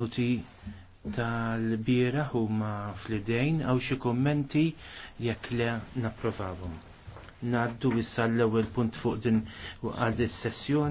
Tuti tal-bira huma fl-idejn għaw xi kommenti jekk le napprovawhom. Naddu issa l-ewwel punt fuq din għal is-sessjoni.